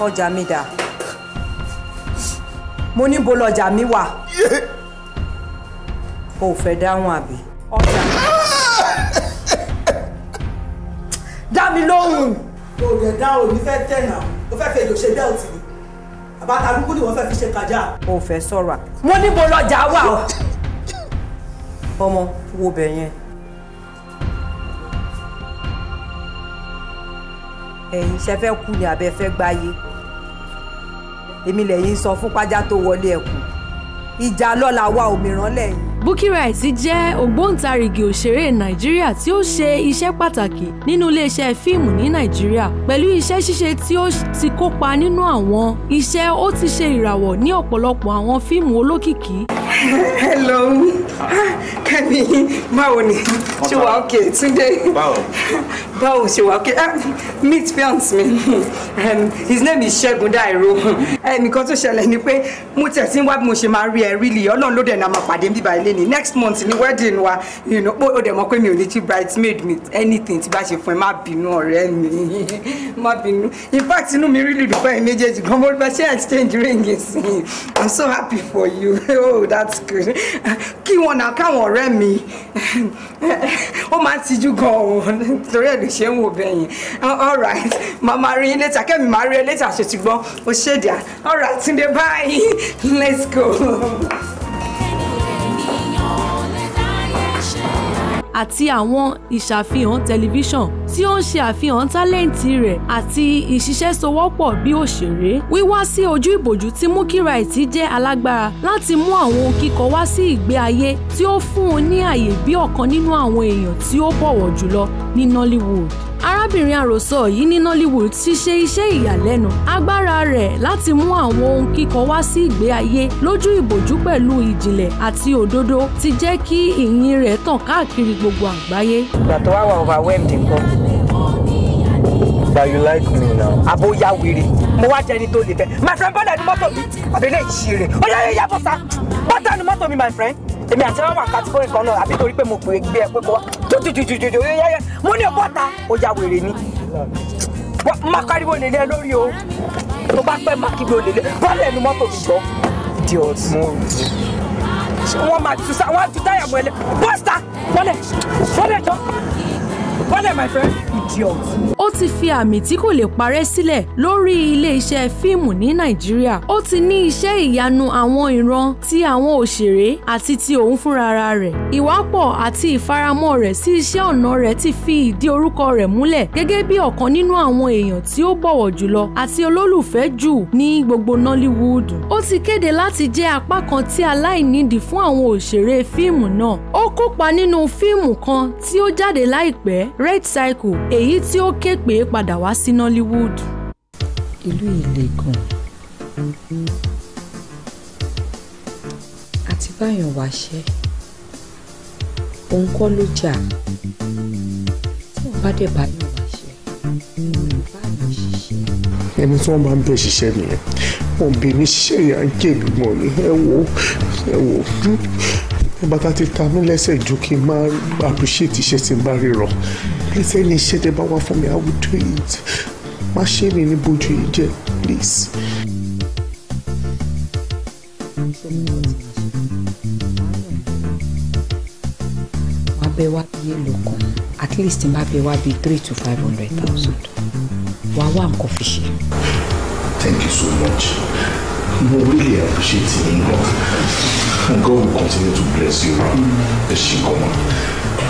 ọjà mi dà mo ní bo lọjà mi wà o fẹ́ dáhùn àbí ọjà mi dá mi lóhùn. o lè dá o ní fẹ́ tẹ̀nà o fẹ́ fẹ́ yòóṣe bẹ́ẹ̀ tì mí àbáta arúgbó ni wọ́n fẹ́ fi ṣe kájà. o fẹ́ sọ̀rọ̀ mo ní bo lọjà wà ọmọ wo bẹ̀ yẹn. ẹ̀yin ṣe fẹ́ kú ni àbẹ fẹ́ gbáyé èmi lẹ́yìn sọ fún pájá tó wọlé ẹ̀kún ìjà lọ́la wa òmíràn lẹ́yìn. Bukky jẹ́ ògbóǹtarìgì òṣèré Nàìjíríà tí ó ṣe iṣẹ́ pàtàkì nínú iléeṣẹ́ fíìmù ní Nàìjíríà pẹ̀lú iṣẹ́ ṣíṣe tí ó ti kópa nínú àwọn iṣẹ́ ó ti ṣe ìràwọ̀ ní ọ̀pọ̀lọpọ̀ àwọn fíìmù olókìkí. Hello kẹ́mi báwo ni ṣe wà ókè túndé báwo ṣe wà ókè eh, meet fiance mi um, his name is ṣẹ́gun dairo ẹnìkan eh, tó ṣẹlẹ̀ ni pé mo tẹ̀sí wá bí mo ṣe máa rí ẹ rí li ọlọ́run ló dẹ̀ náà máa pàdé bíbá ilé ni next month ni wedding wa you know ó dẹ̀ mọ̀ pé mi ò ní tí bridesmaid meet anything tí bá ṣe fún ẹ má bínú ọ̀rẹ́ mi má bínú in fact inú mi rí lùdù fún ẹ méjèèjì gan mo bẹ ṣe exchange ring sí i'm so happy for you oh that's good kí wọn náà káwọn ọ̀rẹ́ ọ̀rẹ́ mi ó máa ń tijú gan ọ̀hún torí ẹ̀ ló ṣe ń wò bẹ́ẹ̀ yẹn all right màmá rí yín later kẹ́mi màá rí ẹ later ṣètìgbọ́n ó ṣèdíà all right Túndé bye let's go. àti àwọn ìṣàfihàn tẹlifíṣàn tí ó ń ṣe àfihàn tálẹ́ǹtì rẹ̀ àti ìṣiṣẹ́sowọ́pọ̀ bí òṣèré. wíwá sí ojú ìbòjú ti mú kí Raiti jẹ́ alágbára láti mú àwọn òkìkọ wá sí ìgbé ayé tí ó fún un ní àyè bí ọ̀kan nínú àwọn èèyàn tí ó bọ̀wọ̀ jùlọ ní Nollywood arábìnrin àròsọ yìí ní Nollywood ti ṣe iṣẹ́ ìyàlẹ́nu agbára rẹ̀ láti mú àwọn ohun kíkọ wá sí ìgbé ayé lójú ìbòjú pẹ̀lú ìjìnlẹ̀ àti òdodo ti jẹ́ kí ìyìn rẹ̀ tàn káàkiri gbogbo àgbáyé. ìgbà tó wá wà overwhelmed nǹkan. but you like me now. àbóyá wèrè mo wá jẹni tó lè fẹ́ my friend bọ́dà ni mọ́tò mi àbẹ̀lẹ̀ ìṣirè ó yẹ yẹ yàtọ̀ sá bọ́dà ni mọ́tò mi my friend èmi àti wọn wà kàtíkórì kan náà àbí torí pé mo pè é gbé ẹ pé kó wá tó tùtùtùtù yẹyẹ mo ní ọgọ́ta ó ya wèrè ni má káríwó lè lẹ lórí o tó bá pẹ́ má kígbe olè lẹ wọ́n mọ́tò ṣùgbọ́ di ọ̀sán wọ́n máa tu táyà mọ́ ẹ lẹ bọ́sítà wọ́n lẹ̀ wọ́n bọ́lẹ̀ my friend idiot. ó ti fi àmì tí kò lè parẹ́ sílẹ̀ lórí ilé-iṣẹ́ fíìmù ní nàìjíríà ó ti ní iṣẹ́ ìyanu àwọn ìran ti àwọn òṣèré àti ti òun fúnra rẹ̀ ìwápọ̀ àti ìfaramọ́ rẹ̀ sí iṣẹ́ ọ̀nà rẹ̀ ti fi ìdí orúkọ rẹ̀ múlẹ̀ gẹ́gẹ́ bí ọ̀kan nínú àwọn èèyàn tí ó bọ̀wọ̀ jùlọ àti olólùfẹ́ jù ní gbogbo nollywood ó ti kéde láti jẹ́ apá kan tí aláìnídìí fún àwọn òṣèré fíìmù náà ó kópa nínú fíìmù kan tí ó jáde láìpẹ́ red cycle èyí tí ó ké pé padà wá sí Nollywood. ìlú ilé gan àti báyọ̀ wáṣẹ́ òun kọ́ ló jà tí wọ́n bá dẹ̀ báyọ̀ wáṣẹ́ báyọ̀ ṣiṣẹ́. ẹni tí wọ́n bá ń bẹ̀ ṣiṣẹ́ nìyẹn obìnrin ṣẹ̀yà ń jẹ̀bi mọ́ ni ẹ wò ẹ wò nígbà tá a ti tanú lẹ́sẹ̀ jù kí n máa appreciate iṣẹ́ tí n bá rí rọ please ẹni iṣẹ́ tẹ bá wá fún mi i will do it má ṣe mi ní bójú yìí jẹ please. máa bẹ wá iye lọ́kàn at least máa bẹ wá bíi three to five hundred thousand wàá wá nǹkan fi ṣe. thank you so much. We really appreciate it, God. And God will continue to bless you. Mm.